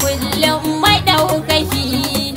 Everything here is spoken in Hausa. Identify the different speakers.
Speaker 1: kullum maɗaukaki